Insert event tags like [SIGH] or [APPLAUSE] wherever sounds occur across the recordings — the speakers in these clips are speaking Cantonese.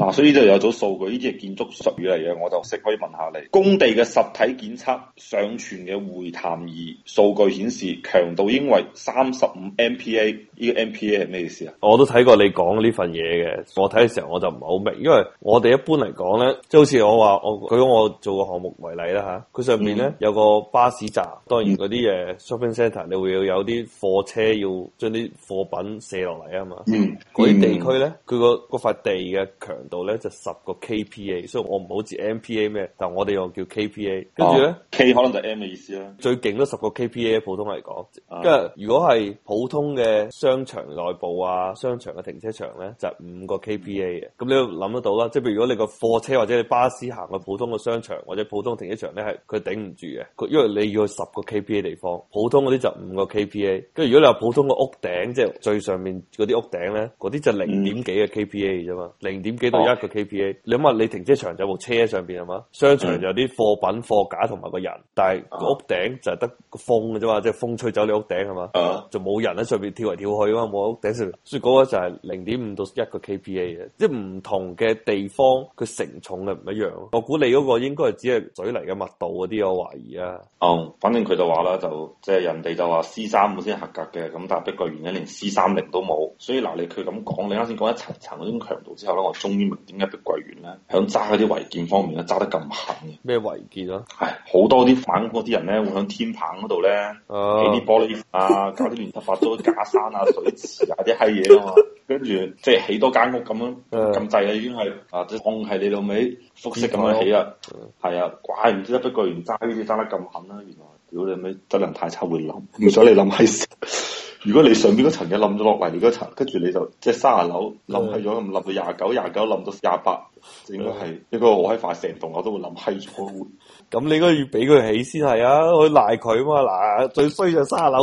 嗱、啊，所以就又有咗數據，呢啲係建築術語嚟嘅，我就識可以問下你，工地嘅實體檢測上傳嘅回彈儀數據顯示強度應為三十五 MPA，呢個 MPA 係咩意思啊？我都睇過你講呢份嘢嘅，我睇嘅時候我就唔係好明，因為我哋一般嚟講咧，即係好似我話我舉我做個項目為例啦嚇，佢上面咧、嗯、有個巴士站，當然嗰啲嘢 shopping centre，你會要有啲貨車要將啲貨品卸落嚟啊嘛，嗰啲、嗯嗯、地區咧，佢個嗰塊地嘅強度咧就十個 KPA，所以我唔好似 MPA 咩，但係我哋又叫 KPA，跟住咧。K 可能就 M 嘅意思啦，最勁都十個 KPA，普通嚟講，即係如果係普通嘅商場內部啊，商場嘅停車場咧，就五、是、個 KPA 嘅，咁、嗯、你都諗得到啦。即係，譬如果你個貨車或者你巴士行去普通嘅商場或者普通停車場咧，係佢頂唔住嘅，佢因為你要去十個 KPA 地方，普通嗰啲就五個 KPA。跟住如果你話普通個屋頂，即、就、係、是、最上面嗰啲屋頂咧，嗰啲就零點幾嘅 KPA 啫嘛，零點幾到一個 KPA。Pa，哦、你諗下，你停車場就有部車上邊係嘛？商場就有啲貨品、貨架同埋個但係個屋頂就係得個風嘅啫嘛，即係風吹走你屋頂係、uh, 嘛，就冇人喺上邊跳嚟跳去啊嘛，冇屋頂上邊，所以嗰個就係零點五到一個 KPA 嘅，即係唔同嘅地方佢承重嘅唔一樣。我估你嗰個應該係只係水泥嘅密度嗰啲，我懷疑啊。哦、嗯，反正佢就話啦，就即係人哋就話 C 三五先係合格嘅，咁但係碧桂園咧連 C 三零都冇，所以嗱你佢咁講，你啱先講一層層嗰種強度之後咧，我終於明點解碧桂園咧響揸嗰啲違建方面咧揸得咁狠嘅。咩違建啊？係好多。啲反光啲人咧，會響天棚嗰度咧，起啲玻璃啊，搞啲亂七八糟假山啊、水池啊啲閪嘢啊嘛，跟住即係起多間屋咁樣咁滯啦，已經係啊，即係係你老味複式咁樣起啦，係 [LAUGHS] 啊，怪唔之得碧桂園爭呢啲爭得咁狠啦，原來屌你老味質量太差會諗，唔想你諗係。 [LAUGHS] 如果你上邊嗰層一冧咗落嚟，你嗰層跟住你就即係卅樓冧低咗咁，冧到廿九、廿九冧到廿八，應該係一個好閪快成棟樓都會冧低咗。咁你應該要俾佢起先係啊，去賴佢啊嘛嗱，最衰就卅樓。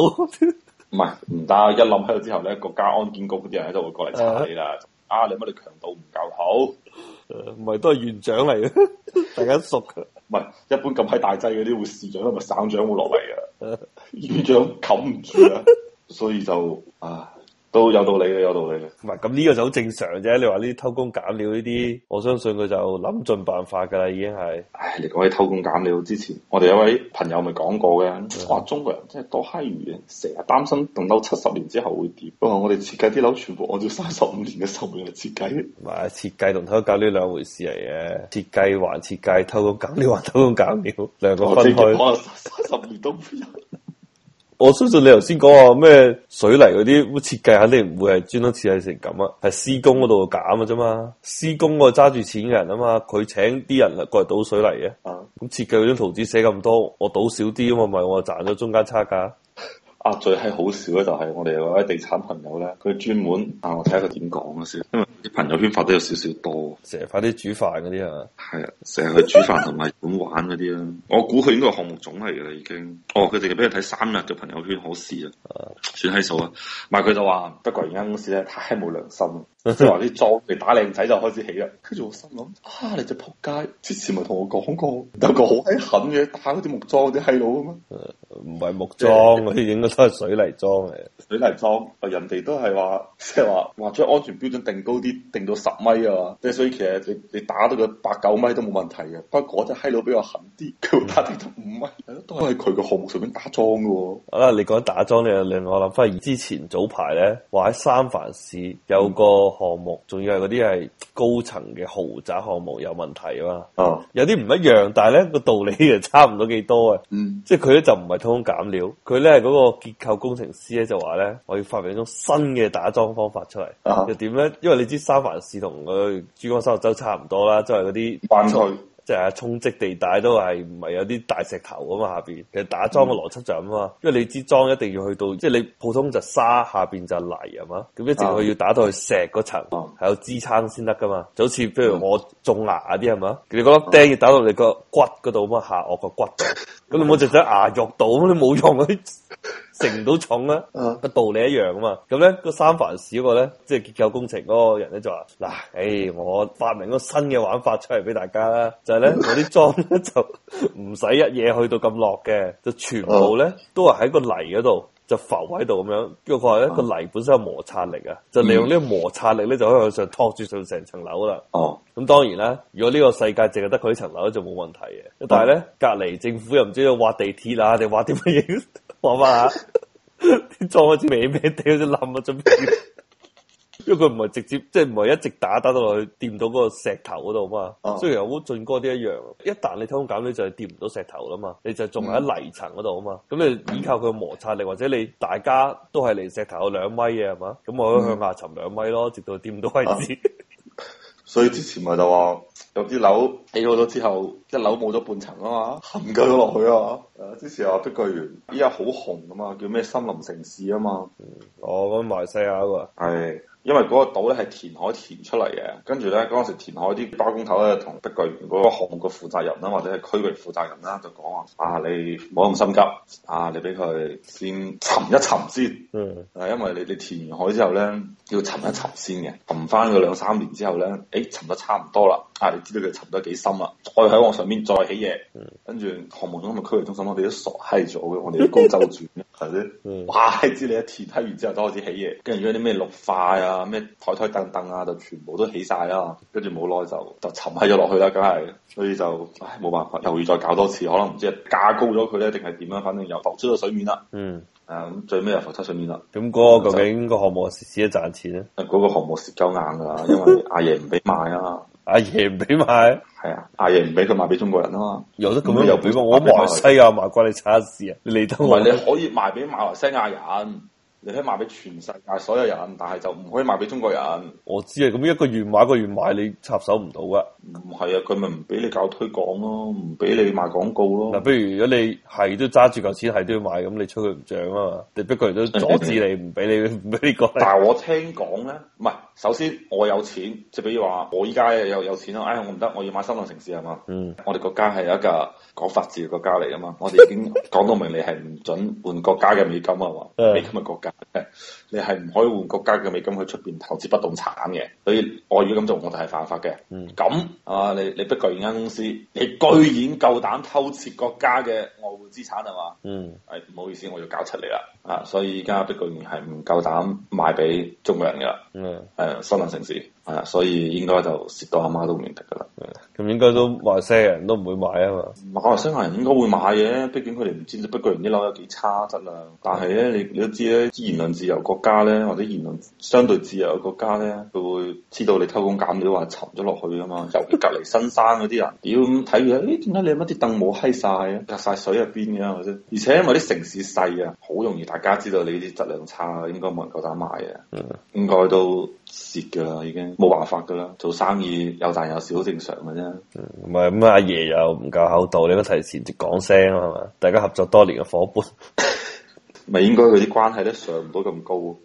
唔係唔得，一冧喺度之後咧，國家安建局嗰啲人咧就會過嚟查你啦。啊，啊，你乜你強度唔夠好？唔係、啊、都係院長嚟嘅，大家熟。唔係 [LAUGHS] 一般咁閪大劑嗰啲會市長，咪省長會落嚟啊？ [LAUGHS] 院長冚唔住啊！ [LAUGHS] 所以就啊都有道理嘅，有道理嘅。唔係咁呢個就好正常啫。你話呢啲偷工減料呢啲，我相信佢就諗盡辦法噶啦，已經係。唉，你講起偷工減料之前，我哋有位朋友咪講過嘅，話、嗯、中國人真係多閪餘，成日擔心棟樓七十年之後會點。不過我哋設計啲樓全部按照三十五年嘅壽命嚟設計。唔係設計同偷工減料呢兩回事嚟嘅，設計還設計，偷工減料還偷工減料，兩、嗯、個分開。三十年都唔會有。 [LAUGHS] 我相信你頭先講話咩水泥嗰啲設計肯定唔會係專登設計成咁啊，係施工嗰度減啊啫嘛，施工嗰個揸住錢嘅人啊嘛，佢請啲人過嚟倒水泥啊。咁設計嗰張圖紙寫咁多，我倒少啲，我咪、啊、我賺咗中間差價。最係好笑咧，就係我哋話位地產朋友咧，佢專門啊，我睇下佢點講先，啲朋友圈發得有少少多，成日發啲煮飯嗰啲啊，係啊，成日去煮飯同埋咁玩嗰啲啦。 [LAUGHS] 我估佢應該係項目總嚟噶啦，已經。哦，佢淨係俾人睇三日嘅朋友圈，好事啊！ [LAUGHS] 算係數啊，埋佢就話，不過而家公司咧太冇良心，即係話啲裝嚟打靚仔就開始起啦。跟住我心諗，啊，你隻仆街之前咪同我講過，有個好閪狠嘅打嗰啲木樁嗰啲閪佬㗎嘛？ [LAUGHS] 唔係木樁，佢應該都係水泥樁嚟嘅。水泥樁，啊人哋都係話，即係話，話將安全標準定高啲，定到十米啊嘛。即係所以其實你你打到個八九米都冇問題嘅。不過啲閪佬比較狠啲，佢會打到五米。 [LAUGHS] 都係佢個項目上面打樁嘅、哦。啊，你講打樁又令我諗翻之前早排咧，話喺三藩市有個項目，仲要係嗰啲係高層嘅豪宅項目有問題嘛啊。哦，有啲唔一樣，但係咧個道理又差唔多幾多啊。嗯，即係佢咧就唔係偷工減料，佢咧係嗰個結構工程師咧就話咧，我要發明一種新嘅打樁方法出嚟。啊哈，又點咧？因為你知三藩市同佢珠江三角洲差唔多啦，即係嗰啲彎曲。即係沖積地帶都係唔係有啲大石頭咁嘛？下邊，其實打樁嘅邏輯就係咁啊，因為你支樁一定要去到，即係你普通就沙，下邊就泥係嘛，咁一直去要打到去石嗰層，係有支撐先得㗎嘛。就好似譬如我種牙嗰啲係嘛，你嗰粒釘要打到你個骨嗰度咁嘛？下我個骨，咁 [LAUGHS] 你冇直接牙肉度，咁你冇用啊。 [LAUGHS] 成到重啦、啊，個、uh, 道理一樣啊嘛。咁咧個三藩市嗰個咧，即係結構工程嗰個人咧就話：嗱、啊，誒、哎、我發明個新嘅玩法出嚟俾大家啦，就係、是、咧我啲裝咧就唔使一夜去到咁落嘅，就全部咧都係喺個泥嗰度就浮喺度咁樣。跟住佢話：一個、uh, 泥本身有摩擦力啊，就利用呢個摩擦力咧就可以向上托住上成層樓啦。哦，咁當然啦，如果呢個世界淨係得佢層樓就冇問題嘅，但係咧、uh, 隔離政府又唔知道要挖地鐵啊定挖啲乜嘢。話翻下，啲樁開始歪歪地，開始冧啊！準備，因為佢唔係直接，即係唔係一直打打到落去，掂到嗰個石頭嗰度啊嘛。哦、雖然好俊哥啲一樣，一旦你偷減，你就係掂唔到石頭啦嘛，你就仲喺泥層嗰度啊嘛。咁你依靠佢摩擦力，或者你大家都係離石頭有兩米嘅係嘛，咁我向下沉兩米咯，直到掂到為止。嗯嗯。所以之前咪就話有啲樓起好咗之後，一樓冇咗半層啊嘛，冚佢落去啊嘛！誒，之前話碧桂園，依家好紅啊嘛，叫咩森林城市啊嘛，哦、嗯，咁埋西亞個。係。因為嗰個島咧係填海填出嚟嘅，跟住咧嗰陣時填海啲包工頭咧同碧桂園嗰個項目嘅負責人啦，或者係區域負責人啦，就講話：啊，你冇咁心急，啊，你俾佢先沉一沉先。嗯，係因為你哋填完海之後咧，要沉一沉先嘅，沉翻個兩三年之後咧，誒、欸，沉得差唔多啦。啊！你知道佢沉得幾深啦，再喺我上面再起嘢，跟住項目中心、區域中心，我哋都傻閪咗嘅，我哋都高周轉，係咪先？哇！你知你一次睇完之後都開始起嘢，跟住將啲咩綠化啊、咩台台凳凳啊，就全部都起晒啦，跟住冇耐就就沉喺咗落去啦，梗係，所以就唉冇辦法，又要再搞多次，可能唔知係架高咗佢咧，定係點樣？反正又浮出到水面啦。嗯。誒、啊，咁最尾又浮出水面啦。咁嗰個究竟個項目蝕定賺錢咧？嗰個項目蝕夠硬噶，因為阿爺唔俾賣啊。 [LAUGHS] 阿爺唔畀賣，係啊，阿爺唔畀佢賣畀中國人啊嘛，有得咁樣、嗯、又畀我我馬來西亞賣，關你叉事啊！你嚟得唔係你可以賣畀馬來西亞人，你可以賣畀全世界所有人，但係就唔可以賣畀中國人。我知啊，咁一個願買一個願賣，你插手唔到噶。唔係啊，佢咪唔俾你搞推廣咯、啊，唔俾你賣廣告咯、啊。嗱，不如如果你係都揸住嚿錢，係都要買，咁你出去唔漲啊嘛？你不過人都阻止你，唔俾 [LAUGHS] 你俾你講。但係我聽講咧，唔係，首先我有錢，即係比如話我依家又有錢咯。唉，我唔得，我要買新浪城市啊嘛。嗯，我哋國家係一個講法治嘅國家嚟啊嘛。我哋已經講到明，你係唔准換國家嘅美金啊嘛。嗯、美金係國家，你係唔可以換國家嘅美金去出邊投資不動產嘅。所以我如果咁做，我哋係犯法嘅。咁、嗯啊！你你碧桂園間公司，你居然夠膽偷竊國家嘅外匯資產係嘛？嗯，係唔、哎、好意思，我要搞出嚟啦。啊，所以而家碧桂園係唔夠膽賣俾中國人噶，誒、嗯、森林、啊、城市，啊，所以應該就蝕到阿媽都唔認得噶啦。嗯咁應該都馬來西亞人都唔會買啊嘛。馬來西亞人應該會買嘅，畢竟佢哋唔知碧桂園啲樓有幾差質量。但係咧，你你都知咧，言論自由國家咧，或者言論相對自由嘅國家咧，佢會知道你偷工減料話沉咗落去啊嘛。尤其隔離新山嗰啲人，屌睇住，咦、哎？點解你乜啲凳冇閪晒？啊？隔晒水入邊嘅，或者。而且因為啲城市細啊，好容易大家知道你啲質量差，應該冇人夠膽買嘅。嗯，應該都蝕嘅啦，已經冇辦法嘅啦。做生意有大有少好正常嘅啫。嗯，唔係咁，阿爺又唔夠厚道，你都提前講聲啊嘛！大家合作多年嘅伙伴 [LAUGHS] ，咪 [LAUGHS] 應該佢啲關係都上唔到咁高。